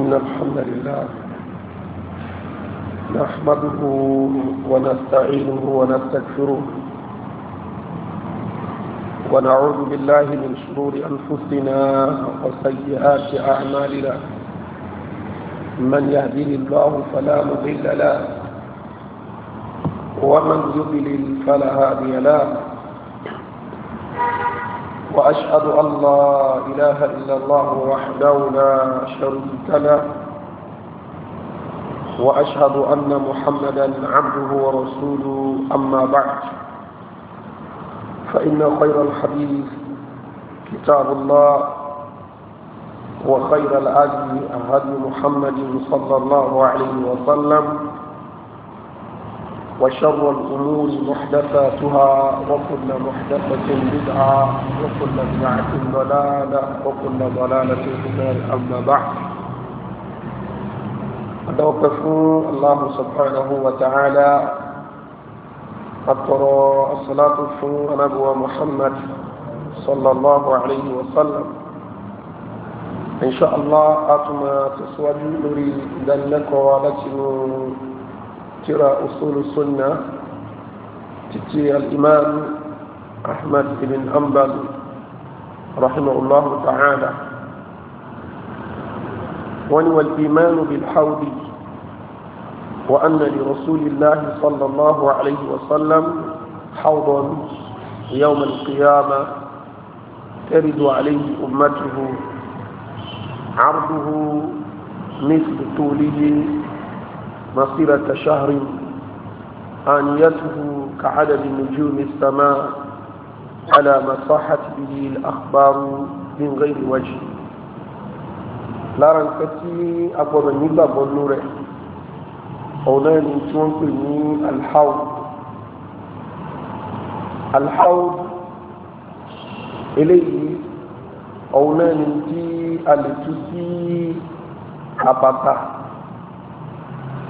إن الحمد لله نحمده ونستعينه ونستغفره ونعوذ بالله من شرور أنفسنا وسيئات أعمالنا من يهدي الله فلا مضل له ومن يضلل فلا هادي له وأشهد أن لا إله إلا الله وحده لا شريك له وأشهد أن محمدا عبده ورسوله أما بعد فإن خير الحديث كتاب الله وخير الأدب هدي محمد صلى الله عليه وسلم وشر الأمور محدثاتها وكل محدثة بدعة وكل بدعة ضلالة وكل ضلالة في النار أما بعد أتوقفوا الله سبحانه وتعالى أطرى الصلاة على نبوة محمد صلى الله عليه وسلم إن شاء الله أتم تسوى لوري دلك ولكن ترى أصول السنة تتي الإمام أحمد بن أنبل رحمه الله تعالى ونوى الإيمان بالحوض وأن لرسول الله صلى الله عليه وسلم حوضا يوم القيامة ترد عليه أمته عرضه مثل طوله مصيرة شهر آنيته كعدد نجوم السماء على ما صحت به الأخبار من غير وجه lára nǹkan tí a gbọ́dọ̀ nígbàgbọ́ ló rẹ̀ ọ̀nà ẹni tí wọ́n pè ní alhaud alhaud eléyìí ọ̀nà ẹni tí a lè tú sí àbàbà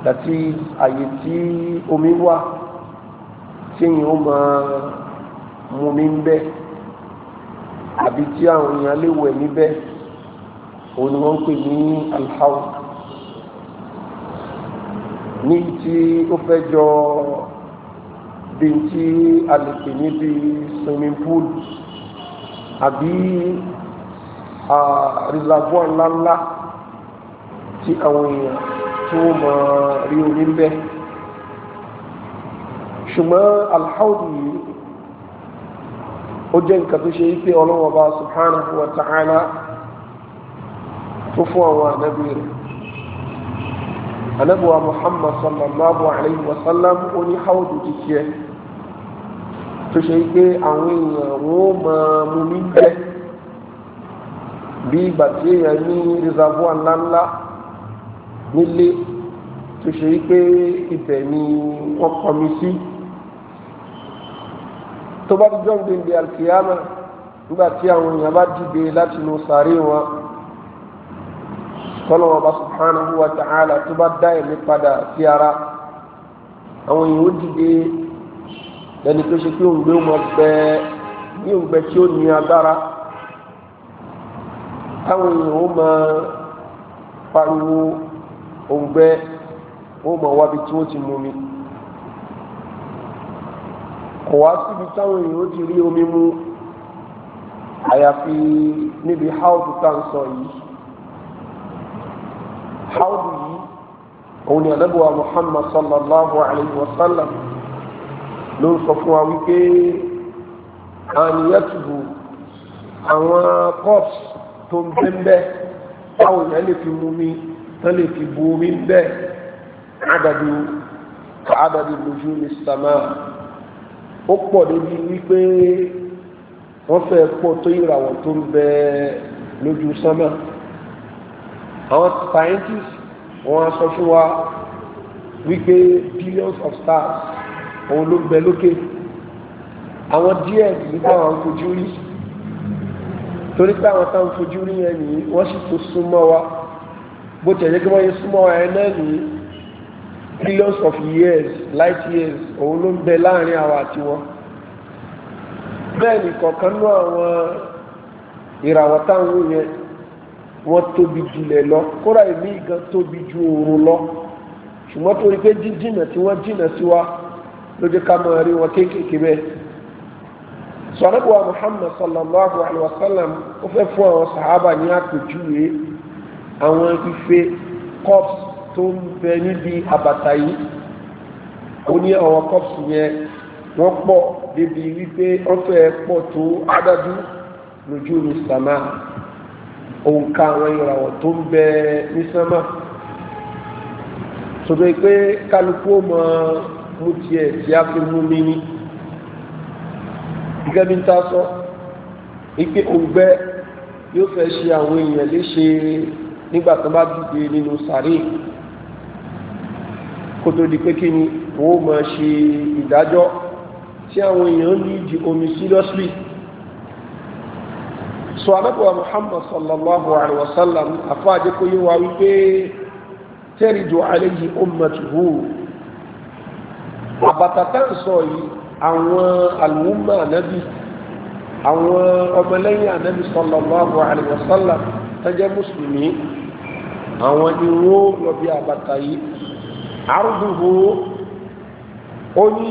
dàtí àyè tí omi wà tí èyàn ó máa mu mi ń bẹ́ àbí tí àwọn èèyàn lè wẹ̀ níbẹ̀ òun ni wọ́n ń pè ní alhaus ní tí ó fẹ́ jọ bí tí a lè pè níbi swimming pool àbí reservoir ńláńlá tí àwọn èèyàn tí wọ́n mọ rí omi ń bẹ́ ṣùgbọ́n alhaudu yìí ó jẹ́ nǹkan tó ṣe wípé ọlọ́run ọba subhanahu wa ta'ala tó fún àwọn ànábì rẹ̀ ànábì wa muhammad sallallahu alayhi wa sallam ó ní haudu ti tiẹ̀ tó ṣe wípé àwọn èèyàn wọ́n mọ mú mi bẹ́ bí ìgbà èèyàn ní reservoir ńláńlá nílé tó ṣe wípé ibẹ̀ ni wọ́n kọ́ mi sí tó bá dijọ́ ń gbèǹde alkiyama nígbà tí àwọn èèyàn bá dìde láti inú sàárè wọn tọ́lọ́wọ́ bá subhanahu wa ta'ala tó bá dá ẹ̀mí padà sí ara àwọn èèyàn ó dìde lẹ́ni tó ṣe pé òǹgbẹ́ ọmọ bẹ ní òǹgbẹ́ tí ó ní agbára táwọn èèyàn ó máa pariwo òǹgbẹ wọ́n mọ̀ wábi tí wọ́n ti mú mi kò wá síbi táwọn èèyàn ó ti rí omi mú àyàfi níbi háùdù tá à ń sọ yìí háùdù yìí òun ni ànábùwà Muhammad sallallahu alayhi wa sallam ló ń sọ fún wa wípé àníyàtùbù àwọn cups tó ń bẹ́ńbẹ́ táwọn èèyàn lè fi mú mi tán lè fi bu omi bẹ́ẹ̀ adadu adadu lójú ní sàmà ó pọ̀ débi wípé wọ́n fẹ́ pọ̀ tó ìràwọ̀ tó ń bẹ lójú sánmà àwọn scientists wọ́n sọ fún wa wípé billions of stars òun ló bẹ lókè àwọn díẹ̀ nígbà wọn fojú rí torí pé àwọn táwọn fojú rí yẹn nìyí wọ́n sì tó súnmọ́ wa bó tẹ̀lé kí wọ́n yẹ súnmọ́ ẹ ní billions of years light years òun ló ń bẹ láàrin àwa àti wọn bẹ́ẹ̀ ni kọ̀ọ̀kan náà àwọn ìràwọ̀ táwọn yẹn wọ́n tóbi jùlẹ̀ lọ kóra ìmí gan tóbi ju oòrùn lọ ṣùgbọ́n torí pé jíjìnà tí wọ́n jìnà sí wa ló jẹ́ ká máa rí wọn kéékèèké bẹ́ẹ̀ sọ̀rọ̀bùwà Muhammad sallallahu alaihi wa sallam ó fẹ́ fún àwọn sàhábà ní àpèjúwe àwọn ife cups tó ń bẹ níbi àbàtà yìí ó ní àwọn cups yẹn wọ́n pọ̀ débi wípé ọ̀fẹ́ pọ̀ tó adájú lójú ní sàmà òǹkà àwọn ìràwọ̀ tó ń bẹ ní sàmà sọ̀rọ̀ pé kálukú ọmọ mú tiẹ̀ tí a fi mú mi ní gẹ́gẹ́ bí n ta sọ ipe òǹgbẹ yóò fẹ́ ṣe àwọn èèyàn léṣe nígbà tó bá dìde nínú sàárè kó tó di pé kí ni wọ́n máa ṣe ìdájọ́ tí àwọn èèyàn ní ìdí omi seriously so anábọ̀wà muhammad sallallahu alaihi wasallam afáàjẹ́ kó yíwa wípé tẹ́rìjọ alayhi ummatuhu àbàtàtà ń sọ yìí àwọn alùmọ́ ànábì àwọn ọmọlẹ́yìn ànábì sallallahu alaihi wasallam tẹ́jẹ́ mùsùlùmí àwọn ni wọ́n lọ bí àbàtà yìí àrùdùgbò ó ní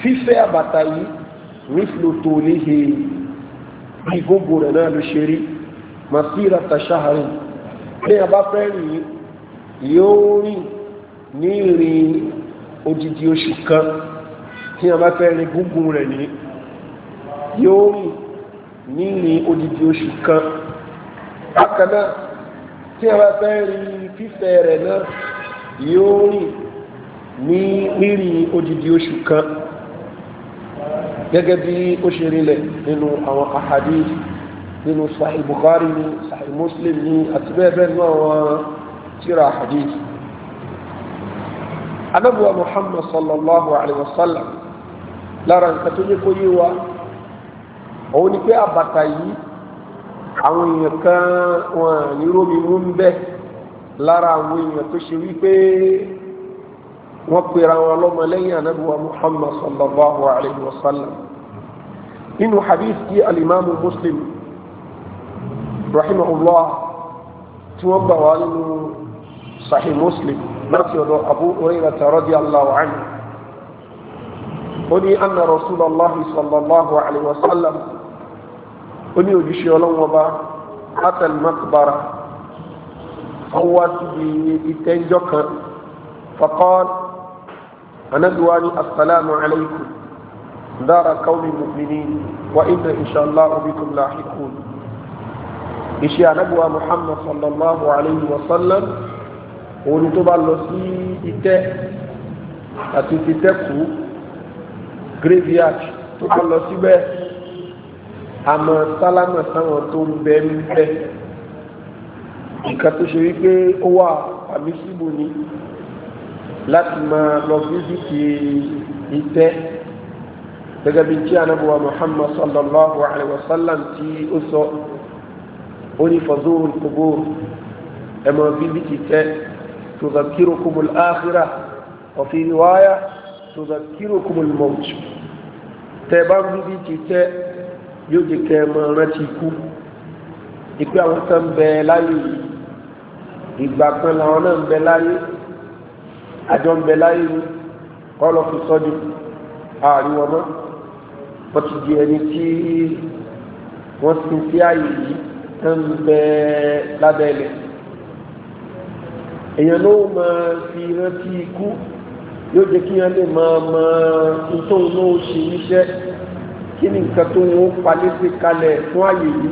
fífẹ́ àbàtà yìí nífìlò tó léhe bí gbogbo rẹ̀ náà ló ṣe rí masira tashaharin ní abáfẹ́ rìn yóò rìn ní ìrìn odidi oṣù kan tí a bá fẹ́ rìn gbogbo rẹ̀ ní yóò rìn ní ìrìn odidi oṣù kan bákan tí a bá fẹ́ rí fífẹ́ rẹ̀ náà yóò rìn ní rírì odidi oṣù kan gẹ́gẹ́ bí ó ṣe rinlẹ̀ nínú àwọn ahadith nínú sahih bukhari ní sahih muslim ní àti bẹ́ẹ̀ bẹ́ẹ̀ àwọn tíra ahadith anabuwa muhammad sallallahu alaihi wasallam lára nǹkan tó yẹ kó yé wa òun ni pé àbàtà yìí àwọn èèyàn kan wọn ní rómi mú ń bẹ lára àwọn èèyàn tó ṣe wípé wọ́n pera wọn lọ́mọ lẹ́yìn anábíwá muhammad sallallahu alayhi wa sallam nínú hadith tí alimamu muslim rahimahullah tí wọ́n gbà wá nínú sahih muslim láti ọ̀dọ̀ abu hurairah radiyallahu anhu ó ní anna rasulallah sallallahu alayhi wa sallam ó ní òjíṣẹ́ ọlọ́wọ́n bá atal makbara ọwọ́ síbi ìtẹ́jọ́ kan faqal anaduwa ni asalaamu alaykum dara kawmi mu'minin wa inna insha allah bikum lahiqun iṣẹ́ anaduwa muhammad sallallahu alayhi wa sallam òun tó bá lọ sí ìtẹ́ àti ìtẹ́kù graveyard tó bá lọ síbẹ̀ àmọ́ sálámà sáwọn tó ń bẹ ń bẹ nǹkan tó ṣe wípé ó wà àmísíbò ní láti máa lọ fíjìtì ìtẹ́ gẹ́gẹ́ bí tí anábọ̀wá Muhammad sallallahu alaihi wasallam tí ó sọ ó ní fazuru al-qubur ẹ máa fíjìtì tẹ́ tuzakirukum al-akhirah wa fi riwaya tuzakirukum al-mawt tẹ́ bá ń tẹ́ yóò jẹ́ kẹ́ ẹ mọ rántí ikú ìpé àwọn tó ń bẹ láyé ìgbà kan làwọn náà ń bẹ láyé àjọ ń bẹ láyé ni kọ́ lọ fi sọ́jú àárín wọn mọ́ wọ́n ti di ẹni tí wọ́n sin sí ààyè yìí tó ń bẹ lábẹ́ ilẹ̀ èèyàn ló máa fi rántí ikú yóò jẹ́ kí wọ́n lè máa mọ ìtòun náà ṣe iṣẹ́ kí ni nǹkan tó ń palẹ́ sí kalẹ̀ fún ààyè yìí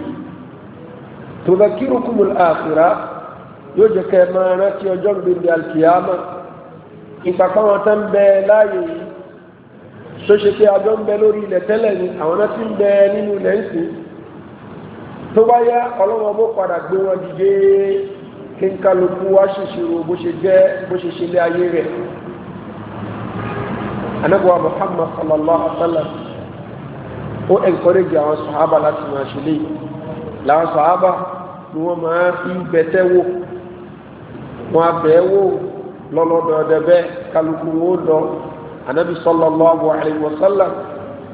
tó bẹ kí rukumul àkùrá yóò jẹ́ kẹ́ máa rántí ọjọ́ gbèndé alkiyama ìpapá wọn tán bẹ láàyè yìí tó ṣe pé abẹ́ ń bẹ lórí ilẹ̀ tẹ́lẹ̀ ni àwọn náà ti ń bẹ nínú ilẹ̀ ń sìn tó bá yá ọlọ́wọ́n bó padà gbé wọn dìde kí n kálukú wá ṣèṣirò bó ṣe jẹ́ bó ṣe ṣe lé ayé rẹ̀ anabuwa Muhammad sallallahu alaihi wa sallam ó encourage àwọn sọ̀hábà láti máa ṣe lè láwọn sọ̀hábà ni wọ́n máa ń bẹ̀tẹ́ wò wọ́n abẹ́ wò lọ́lọ́dọ̀ọ́dẹ́ bẹ́ẹ̀ kálukú wò lọ anabi sallallahu alaihi wasallam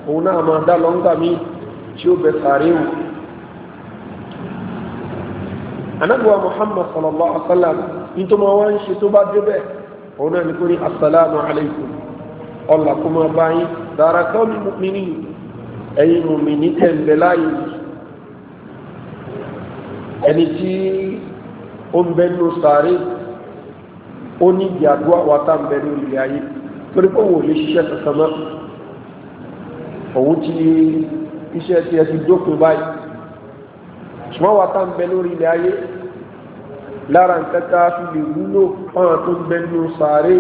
òun náà máa dá lọ́ńgà mi tí ó bẹ̀ sàárè wò anabuwa muhammad sallallahu alaihi wasallam nítorí wọn ń ṣe tó bá débẹ̀ òun náà ní kò ní assalamu alaikum ọlọ́kùnmọ́ báyìí dára kọ́ mi mú mi níyì ẹ̀yin mùmí ní tẹ̀m̀bẹ̀ láàyè ẹni tí ó ń bẹ́nu sàárè ó ní ìdí àdúrà wa tá ń bẹ ní ilé ayé torí pé òun ò lè ṣiṣẹ́ kankan mọ́ òun ti iṣẹ́ tí ẹ ti dópin báyìí ṣùgbọ́n wa tá ń bẹ lórí ilé ayé lára nǹkan tá a fi lè wúlò fáwọn tó ń bẹ sàárè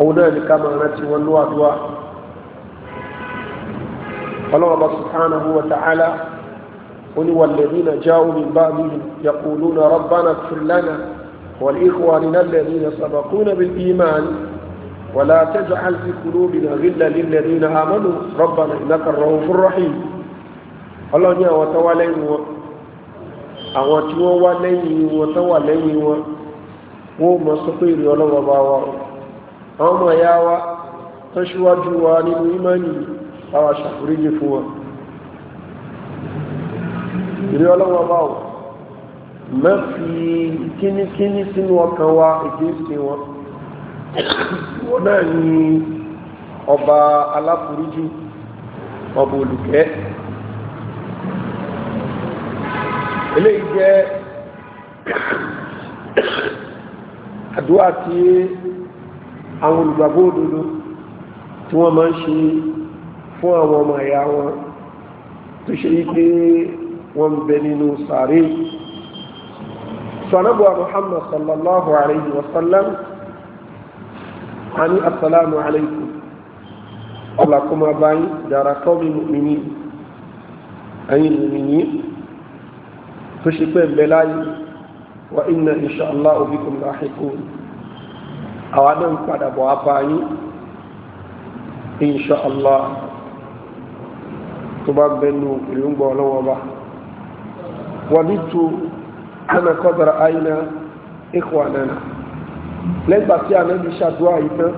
òun náà ní ká máa rántí wọn ló àdúrà ọlọ́wọ́ bá subhanahu wa ta'ala oníwàlẹ́dínà jáwó mi bá mi yàkùlú na rabbana fìlànà والإخواننا الذين سبقونا بالإيمان ولا تجعل في قلوبنا غلا للذين آمنوا ربنا إنك الرؤوف الرحيم الله ni àwọn tán wá lẹ́yìn wọn àwọn tí wọ́n wá lẹ́yìn wọn tán wà lẹ́yìn wọn wọ́n mọ̀ sọ pé ìrì ọlọ́wọ́ bá wa àwọn ọmọ ẹ̀yà wa tán ṣíwájú wa nínú ìmánì yìí táwa ṣàforíjì fún wọn ìrí ọlọ́wọ́ bá wọ má fi kínníkínní sínú ọkàn wa èdè sí wọn wọn náà ní ọba aláforíjì ọba olùkẹ́ eléyìí jẹ́ àdúrà tí àwọn olùgbàgbọ́ òdodo tí wọ́n máa ń ṣe fún àwọn ọmọ ẹ̀yà wọn tó ṣe wípé wọ́n ń bẹ nínú sàárè sọ̀nàbọ̀ muhammad sallallahu alayhi wa sallam ani assalamu alaykum ọlá kó máa bá yín dára kọ́ mi mímí ẹ̀yin mímí tó ṣe pé ń bẹ láyé wa inna insha allah bikum lahiqun àwọn náà ń insha allah tó bá bẹnu ìrìngbọ̀ ọlọ́wọ́ bá wàlítù ana kọ́dara àyínà ikọ̀ ànánà lẹ́gbà tí ànábi ṣàdúrà yìí tán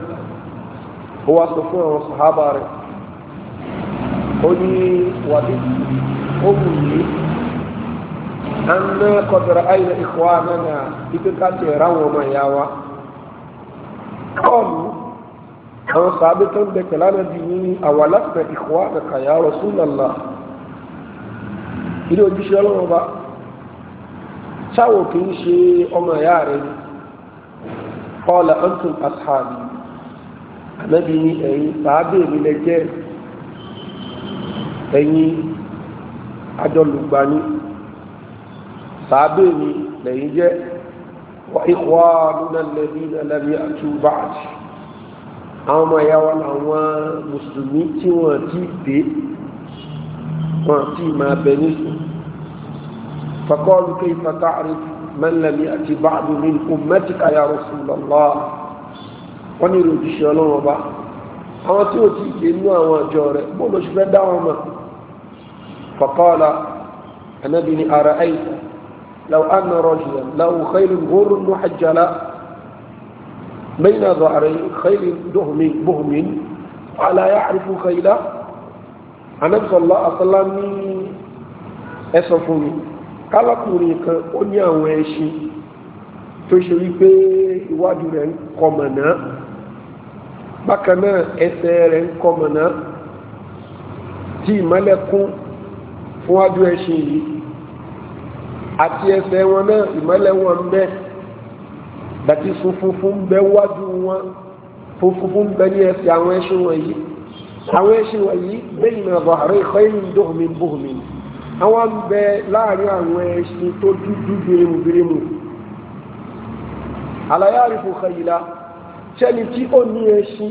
ó wá sọ fún àwọn sàhábà rẹ̀ ó ní wàlítù ó wù yìí ana kọ́dara àyínà ikọ̀ ànánà ikọ̀ káàkiri ráwọn ọmọ ìyá wa kọ́ọ̀lù àwọn sàábé tó ń bẹ pẹ̀lú ànábì ní àwàlásìkò ìkọ́ àkàkàyà Rasulullah ilé ojúṣe ọlọ́run bá sáwò kì í ṣe ọmọ ìyá rẹ̀ ni qala antum ashabi ànábì ní ẹ̀yin sàábé mi lẹ jẹ́ ẹ̀yin àjọlùgbani sàábé mi lẹ́yìn jẹ́ wa ikhwanuna alladhina lam ya'tu ba'di. àwọn ọmọ ìyá wọn làwọn mùsùlùmí tí wọ́n ti dé wọ́n ti máa bẹ nísìn fakọ́lù kayfa ta'rif man lam ya'ti ba'du min ummatika ya Rasulullah wọ́n ní ìròjìṣẹ́ ọlọ́run ọba àwọn tí ó ti dé inú àwọn àjọ rẹ̀ bó ló ṣe fẹ́ dá wọn mọ̀ fakọ́lá anábìnrin ara àìsàn law anna rajulan lahu khayrun ghurrun muhajjala بين ظهري خيل دهم بهم ألا يعرف خيلا النبي صلى الله عليه وسلم أسفني kálákùnrin kan ó ní àwọn ẹṣin tó ṣe wípé iwájú rẹ̀ ń kọmọ̀nà bákan náà ẹsẹ̀ rẹ̀ ń kọmọ̀nà tí ìmọ́lẹ̀kún fúnwájú ẹṣin yìí àti ẹsẹ̀ wọn náà ìmọ́lẹ̀ wọn ń bẹ́ẹ̀ bàtí funfunfun bẹ wájú wọn funfunfun bẹ ní ẹsẹ̀ àwọn ẹṣin wọ̀nyí àwọn ẹṣin wọ̀nyí bẹ́yìn náà bọ̀ àrẹ ìkọ́ ẹ̀yìn dóhùnmí bóhùnmí àwọn ń bẹ láàrin àwọn ẹṣin tó dúdú birimu birimu àlàyé khayla sẹ́ni tí ó ní ẹṣin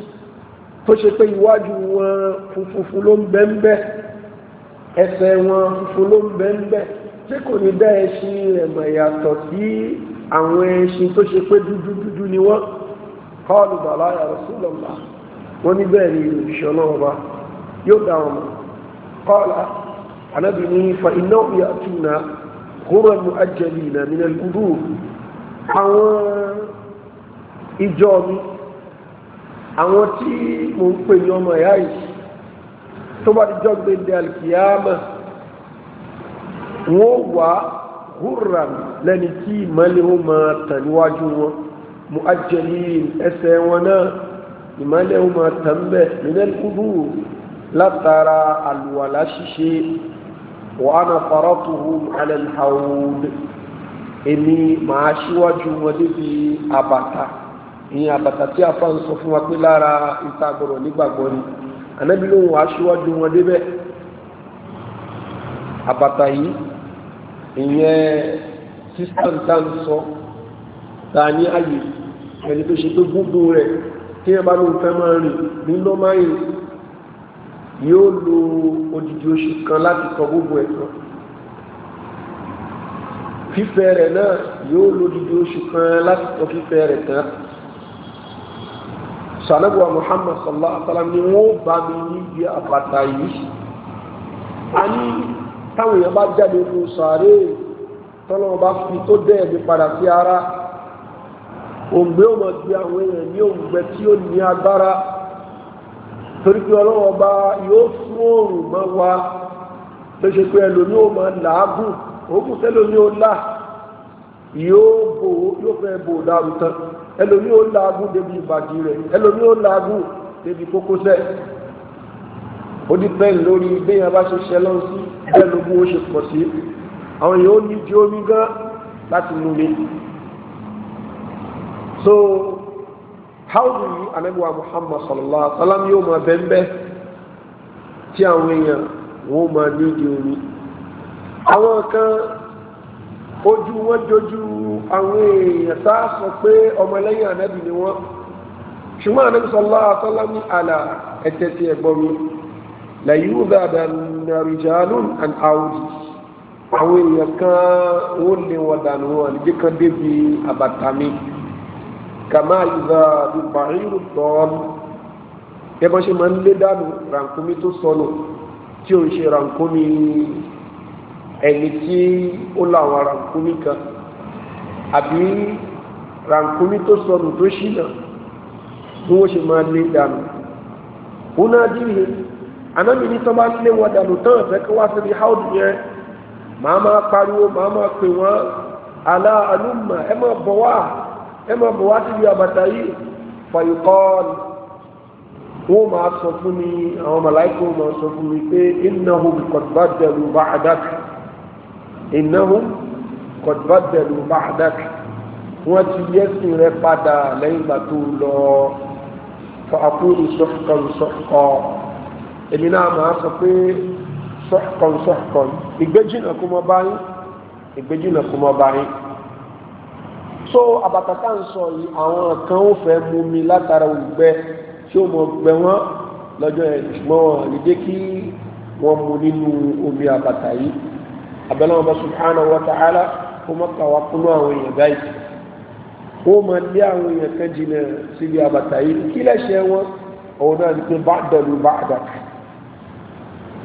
tó ṣe pé iwájú wọn funfunfun ló ń bẹ́ ẹsẹ̀ wọn funfun ló ń bẹ́ tí kò ní dá ẹṣin ẹ̀mọ̀ ìyàtọ̀ sí àwọn ẹṣin tó ṣe pé dúdú dúdú ni wọ́n kọ́ọ̀lù bàbá ya Rasulullah wọ́n ní bẹ́ẹ̀ ni òṣìṣẹ́ ọlọ́run bá yóò dá wọn mọ̀ kọ́ọ̀lá anábì ní fa iná ìyá túnà kúrò mu ajẹ́lì ìnà nínú ìlú àwọn ìjọ mi àwọn tí mo ń pè ní ọmọ ìyá yìí tó bá ti jọ́ gbé dé alkiyama wọ́n wàá húrram lẹ́ni tí ìmọ́lẹ̀ ó máa tàn níwájú wọn mú ajẹ́lì ẹsẹ̀ wọn náà ìmọ́lẹ̀ ó máa tàn bẹ́ nínẹ́kúrú látara àlùwàlá ṣíṣe wàhánà faratuhum ala al-hawd èmi màá ṣíwájú wọn débi àbàtà ìyẹn àbàtà tí a fa ń sọ fún wa pé lára ìta nígbàgbọ́ ni ànábì aṣíwájú wọn débẹ̀ àbàtà yìí ìyẹn system tá ń sọ ta ní ààyè ẹni tó ṣe tó gúngùn rẹ̀ tí ẹ bá ló ń fẹ́ máa rìn ní lọ́máyìn yóò lo odidi oṣù kan láti kọ gbogbo ẹ̀tọ́ fífẹ́ rẹ̀ náà yóò lo odidi oṣù kan láti kọ fífẹ́ rẹ̀ tán sanabuwa Muhammad sallallahu alaihi wa sallam ni wọ́n bá mi níbi àpáta yìí a ní táwọn èèyàn bá jáde ní sàárè tọ́nà ọba fi tó dẹ́ ẹ̀mí padà sí ara òǹgbẹ ọmọ gbé àwọn èèyàn ní òǹgbẹ tí ó ní agbára torí pé ọlọ́wọ́ ọba yóò fún oòrùn mọ́ wa ló ṣe pé ẹlòmí ò máa làágùn òògùn tẹ́lòmí ò là yóò fẹ́ bò dàrú ẹlòmí ò làágùn débi ìbàdí rẹ̀ ẹlòmí ò làágùn débi kókósẹ̀ ó dípẹ́ lórí béèyàn bá ṣe ṣẹlọ́n sí bẹ́ẹ̀ ló bó ṣe pọ̀ sí àwọn èèyàn ó ní ju omi gan láti mú mi so how do you anabiwa muhammad sallallahu alaihi wasallam, sallam yóò máa bẹ́ẹ̀ bẹ́ẹ̀ tí àwọn èèyàn wọ́n máa ní di omi àwọn kan ojú wọn jojú àwọn èèyàn tá a sọ pé ọmọlẹ́yìn anabi ni wọ́n ṣùgbọ́n anabi sallallahu alaihi wa sallam ní àlà ẹ̀tẹ̀tẹ̀ ẹ̀gbọ́n mi lẹ́yìnbàdànà rìjàlùn and audi àwọn èèyàn kan ó lè wọ̀ dànù wọn àlejò kan débi àbàtà mi kàmá ìgbà dùbàrírù tọ́ọ̀nù ẹ bá ṣe máa ń lé dànù rànkúmi tó sọnù tí ò ń ṣe rànkúmi ẹni tí ó láwọn rànkúmi kan àbí rànkúmi tó sọnù tó ṣìnà bí wọ́n ṣe máa lé dànù. Húnádìí anábì ní tọ́ba lé wọn dànù tán ẹ̀fẹ́ kí wá síbi háùdù yẹn màá máa pariwo màá máa pè wọ́n alá alúmọ̀ ẹ máa bọ̀ wá ẹ máa bọ̀ wá síbi àbàtà yìí fàyíkọ́ọ̀lù wọ́n máa sọ fún mi àwọn màláìkò máa sọ fún mi pé innahum qad baddalu ba'dak innahum qad baddalu ba'dak wọ́n ti yẹ́sìn rẹ padà lẹ́yìn ìgbà tó lọ fa'aqulu suhqan suhqan èmi náà máa sọ pé sọ́kàn sọ́kàn ìgbéjìnà kó mọ bá yín ìgbéjìnà kó mọ bá yín so àbàtà tá à ń sọ yìí àwọn kan ó fẹ́ mú mi látara ògbẹ tí ó mọ gbẹ wọn lọ́jọ́ yẹn ṣùgbọ́n wọn lè dé kí wọ́n mu nínú omi àbàtà yìí abẹ́lẹ́ wọn bá subhanahu wa ta'ala kó mọ́ kàwá kúnú àwọn èèyàn báyìí ó máa lé àwọn èèyàn kan jìnnà síbi àbàtà yìí kí lẹ́sẹ̀ wọn òun náà ní pé bá dọ̀lù bá dàkà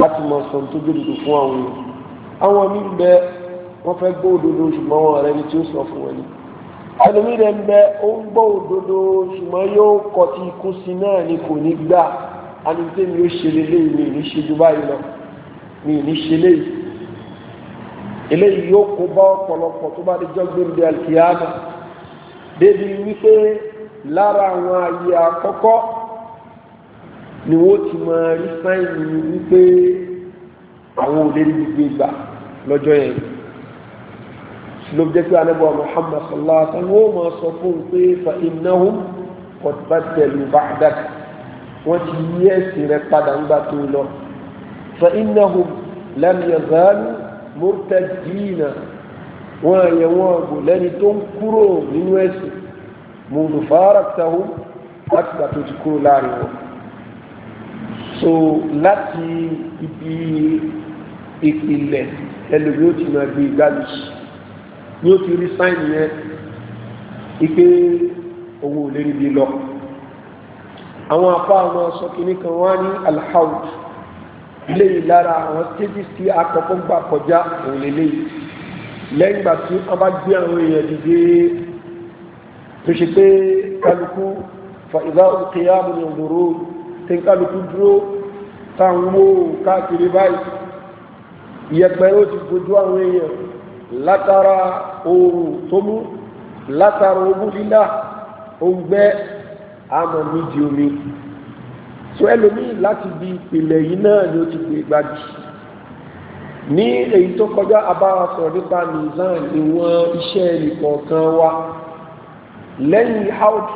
láti mọ sọ tó gbódòdó fún àwọn èèyàn àwọn míì bẹ wọn fẹ́ gbọ́ òdodo ṣùgbọ́n wọn rẹ ni tí ó sọ fún wọn ni ẹlòmíì rẹ ń bẹ ó ń gbọ́ òdodo ṣùgbọ́n yóò kọ ti ikú sí náà ni kò ní gbà àti tèmi ó ṣe lélẹyìí mi ní ṣe ju báyìí lọ mi ní ṣe léyìí eléyìí yóò kó bá ọ̀pọ̀lọpọ̀ tó bá di jọgbẹrẹ alkiyama débi wípé lára àwọn ààyè àkọ́kọ́ ni wọ́n ti máa rí sáìnì wípé àwọn òlérí gbígbé gbà lọ́jọ́ yẹn ló jẹ́ pé alẹ́bọ̀ Muhammad sallallahu alaihi wasallam wọ́n máa sọ fún pé fa innahum qad badalu ba'dak wọ́n ti yí ẹ̀sìn rẹ padà ńgbà tó lọ fa innahum lam yazalu murtadina wọ́n àyẹ̀ wọ́n àgbò lẹ́ni tó ń kúrò nínú ẹ̀sìn mùdùfáràtàhùn láti gbà tó ti kúrò láàrin wọn so láti ibi ìpìlẹ̀ ẹlòmí ó ti máa gbé igbájú ní ó ti rí sáìnì yẹn ipé owó lérí bí lọ àwọn apá àwọn aṣọ kìíní kan wá ní alhaud ilé ìlara àwọn stages tí a kọ́kọ́ gbà kọjá òun lélẹ́yìí lẹ́yìn ìgbà tí wọ́n bá gbé àwọn èèyàn dìde tó ṣe pé kálukú fa ìdá òkè yá mi ò tí kálukú dúró táwọn káàkiri báyìí ìyẹ̀pẹ̀ ó ti gbójú àwọn èèyàn látara oòrùn tó mú látara ogún lílá oúnjẹ àmọ̀ nídi omi so ẹlòmí láti bí ìpìlẹ̀ yìí náà ni ó ti gbé e gbájú ní èyí tó kọjá abára sọ̀rọ̀ nípa mizan ìwọ̀n iṣẹ́ ẹnìkọ̀ọ̀kan wa lẹ́yìn haud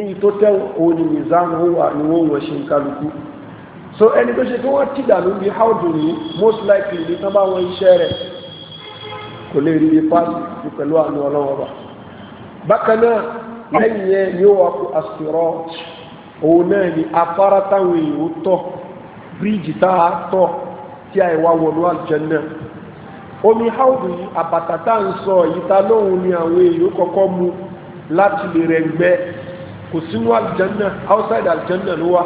ní tó tẹ́ òní nìzán wà ní wọ́n wọ́n ṣe ń kálukú so ẹni tó ṣe tí wọ́n ti dànù bí haudu ní most likely ní tán bá wọn iṣẹ́ rẹ̀ kò lè rí pàṣẹ ju pẹ̀lú àánú ọlọ́wọ́ bá bákan náà lẹ́yìn yẹn yóò wá kó àṣírọ́ òun náà ni afárá táwọn èèyàn tọ̀ bíríìjì tá a tọ̀ tí a ìwà wọnú àlùjánnà omi haudu yìí àbàtà tá à ń sọ yìí lóhun ni àwọn èèyàn kọ́kọ́ mu láti lè rẹ̀ gbẹ́ kò sínú aljanna outside aljanna ló wá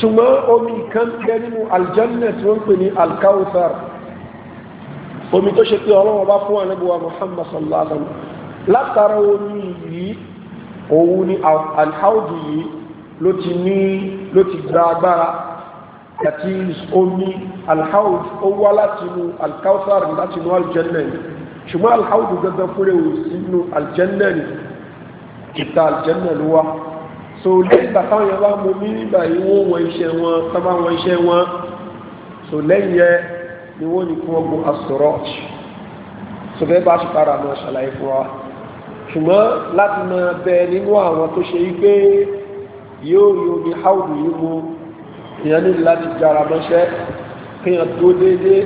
ṣùgbọ́n omi kan gẹ́ nínú aljanna tí wọ́n pè ní alkawthar omi tó ṣe pé ọlọ́wọ́ bá fún ànábùwà muhammad sallallahu alaihi wasallam látara omi yìí òun ni alhaudu yìí ló ti ní ló ti gba agbára àti omi alhaudu ó wá láti inú alkawthar láti inú aljanna ṣùgbọ́n alhaudu gẹ́gẹ́ fúnra òsínú aljanna ni ìta àlùjẹ́nà ló wá so lẹ́yìn bàtàwọn yẹn bá mú mi nígbà yìí wọ́n wọn iṣẹ́ wọn tábà wọn iṣẹ́ wọn so lẹ́yìn yẹn ni wọ́n ní kí wọ́n gun asọ̀rọ̀ so bẹ́ẹ̀ bá ṣùpárà náà ṣàlàyé fún wa ṣùgbọ́n láti máa bẹ nínú àwọn tó ṣe wípé yóò yóò ní áwùdù yìí mú èèyàn ní láti jára mọ́ṣẹ́ kéèyàn tó déédéé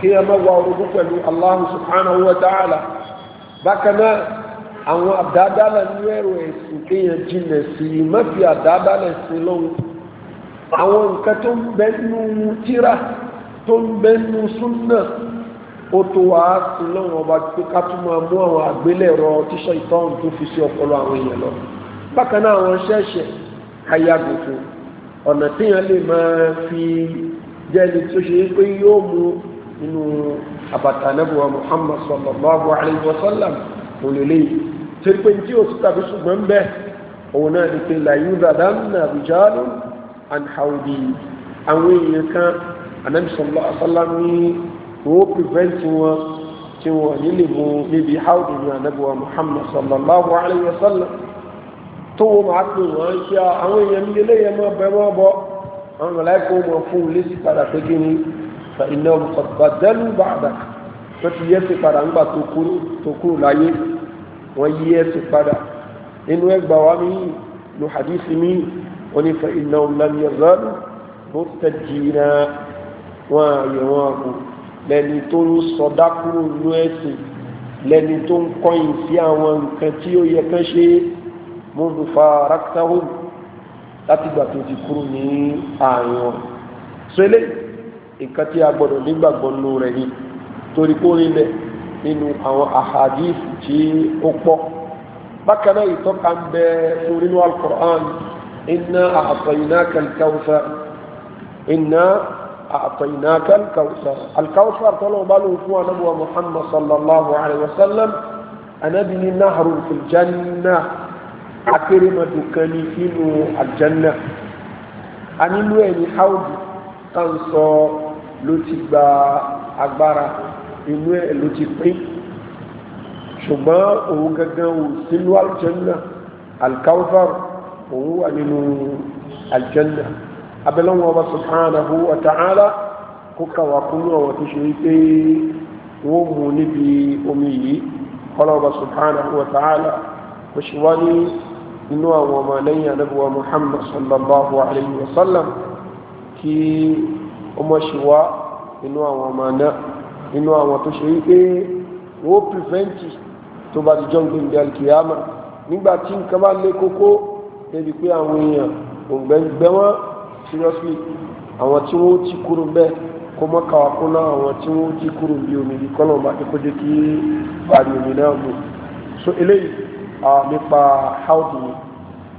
kéèyàn má wá orogún pẹ̀lú Allah subhanahu wa ta'ala bákan náà àwọn àdáadáa ní ẹ̀rọ ẹ̀sìn kéèyàn jìnà sí i má fi àdáadáa sí lọ́wọ́ àwọn nǹkan tó ń bẹ́nu tíra tó ń bẹ́nu súnà ó tó wá sí lọ́wọ́ ọba pé ká tún máa mú àwọn àgbélẹ̀rọ ìtọ́hún tó fi sí ọpọlọ àwọn èèyàn lọ bákan náà àwọn ṣẹ́ẹ̀ṣẹ̀ lè fi jẹ́ni tó ṣe pé yóò mú inú àbàtà nẹ́bùwà Muhammad sallallahu alayhi wa tí pé tí ó sì tàbí ṣùgbọ́n ń bẹ́ òun náà ni pé láyú zadámnà rìjálù and haudi àwọn èèyàn kan anamisọ̀lọ́ asálá ní wọ́n prevent wọn tí wọ́n nílè mú níbi haudi ní anábíwá muhammad sallallahu alayhi wa sallam tó wọ́n máa pè wọ́n kí àwọn èèyàn ní ilé yẹn máa wọ́n yí ẹ̀sìn padà nínú ẹgbà wa mi lu hadisi mi wọ́n ní fa iná ọ̀làmì ọ̀zọ́lù ó tẹ̀jìnà wọn àyè wọn àbò lẹ́ni tó ń sọdá kúrò nínú ẹ̀sìn lẹ́ni tó ń kọ̀yìn sí àwọn nǹkan tí ó yẹ kán ṣe mọ́tò fa rákítáwò láti gbà tó ti kúrò ní àárín sọ eléyìí nǹkan tí a gbọ́dọ̀ nígbàgbọ́ nínú rẹ̀ ni torí kó rí bẹ́ẹ̀ nínú àwọn ahadith tí ó pọ̀ bákan náà ìtọ́ka ń bẹ fún nínú al-Qur'an inna a'tainaka al-kawthar inna a'tainaka al-kawthar al-kawthar tọ́lọ́ bá lóun fún anábùwà Muhammad sallallahu alayhi wa sallam ní nahrun fil jannah kan ní nínú al a nílò ẹni áwùjù tá sọ ló ti gba agbára inú ẹ̀ ló ti pín ṣùgbọ́n òun gangan ò sínú aljanna alkawfar òun wà nínú aljanna abẹ́lẹ́wọ̀n ọba subhanahu wa ta'ala kó kàwà kúrú àwọn tó ṣe wípé wọ́n mú níbi omi yìí ọlọ́ọba subhanahu wa ta'ala kò ṣe wá ní inú àwọn ọmọ lẹ́yìn anábíwa muhammad sallallahu alayhi wa sallam kí ọmọ ṣe wá inú àwọn ọmọ náà nínú àwọn tó ṣe wípé ó pìrìfẹ́ǹtì tó bá ti jọ gbé alkiyama nígbà tí nǹkan bá lé kókó débi pé àwọn èèyàn òǹgbẹ́gbẹ́ wọn seriously àwọn tí wọ́n ti kúrò bẹ́ẹ̀ kó mọ́ kàwákó náà àwọn tí wọ́n ti kúrò bí omi yìí kọ́nà bá kí kó kí parí omi náà mú so eléyìí nípa haudu yìí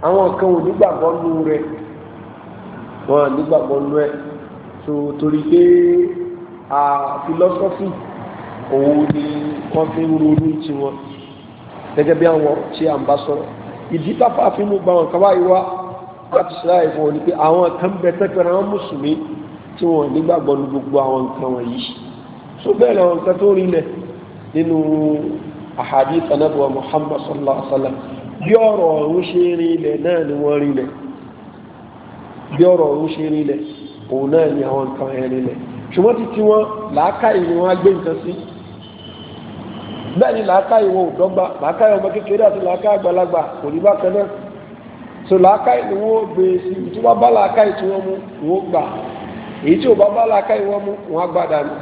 àwọn kan ò nígbàgbọ́ nú rẹ̀ wọ́n nígbàgbọ́ nú ẹ̀ so torí pé philosophy òun ni wọ́n fi ń ronú ti wọn gẹ́gẹ́ bí àwọn tí à ń bá sọ̀rọ̀ ìdí tápá fi mú gba wọn kaba ìwá láti ṣe láì fún ọ ni pé àwọn kan bẹ tẹ́kẹ̀rẹ́ àwọn mùsùlùmí tí wọ́n nígbàgbọ́ ní gbogbo àwọn nǹkan wọ̀nyí so bẹ́ẹ̀ làwọn nǹkan tó rí lẹ̀ nínú ahadith anabuwa muhammad sallallahu alaihi wa sallam bí ọ̀rọ̀ ọ̀hún ṣe rí ilẹ̀ náà ni wọ́n rí lẹ̀ bí ọ̀rọ̀ ọ̀hún ṣe rí lẹ̀ òun náà ni àwọn nǹkan ẹ̀rí lẹ̀ ṣùgbọ́n ti ti wọn làákàyè ni wọ́n á gbé nǹkan sí bẹ́ẹ̀ ni làákàyè wọn ò dọ́gba làákàyè ọmọ kékeré àti làákàyè àgbàlagbà kò ní bákan náà so làákàyè ni wọ́n gbé e sí tí wọ́n bá làákàyè tí wọ́n mú wọ́n gbà èyí tí ò bá bá làákàyè wọ́n mú wọ́n á gbà dànù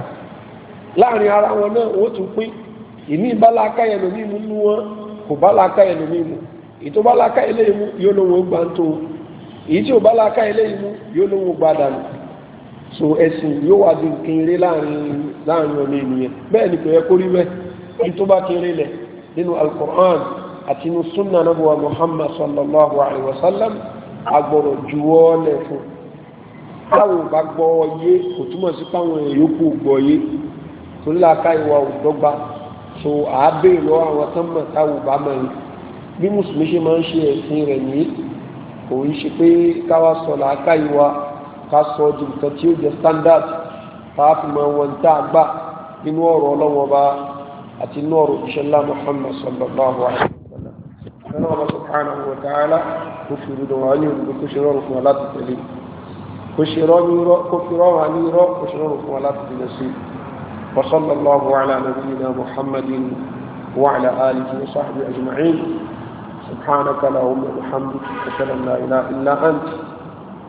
láàrin ara wọn náà wọ́n tún pín ìní bá làákàyè lómi mú nú wọn kò bá làákàyè lómi mú èyí tó bá làákàyè lé so ẹ̀sìn yóò wá di nǹkan eré láàrin ọmọ ènìyàn bẹ́ẹ̀ ni kò yẹ kó rí bẹ́ẹ̀ ní tó bá kéré lẹ̀ nínú alukur'an àti inú sunna nabu wa muhammad sallallahu alayhi wa sallam agbọ̀rọ̀ juwọ́ lẹ̀ fún táwọn bá gbọ́ yé kò túmọ̀ sí páwọn yòókù gbọ́ yé torí làákà ìwà òdọ́gba so àábẹ̀ lọ àwọn tán mọ̀ táwọn bá mọ̀ yìí bí mùsùlùmí ṣe máa ń ṣe ẹ̀sìn rẹ̀ nìyí kò ń ṣe pé káwa sọ làákà ìwà ká sọ di nǹkan tí ó jẹ standard fàáfimọ̀ wọn tá a gbà nínú ọ̀rọ̀ ọlọ́wọ́ bá àti inú ọ̀rọ̀ ìṣẹ́lá Muhammad sallallahu alaihi wa sallam nínú ọ̀rọ̀ subhanahu wa ta'ala kò fi rúdọ̀ wá ní òdòdó kò ṣe rọrùn fún wa láti tẹ̀lé kò ṣe rọrùn wá ní irọ́ kò ṣe rọrùn fún wa láti tẹ̀lé sí wa sallallahu ala nabiyyina Muhammadin wa ala alihi wa sahbihi ajma'in subhanaka lahumma wa bihamdika ashhadu an la ilaha illa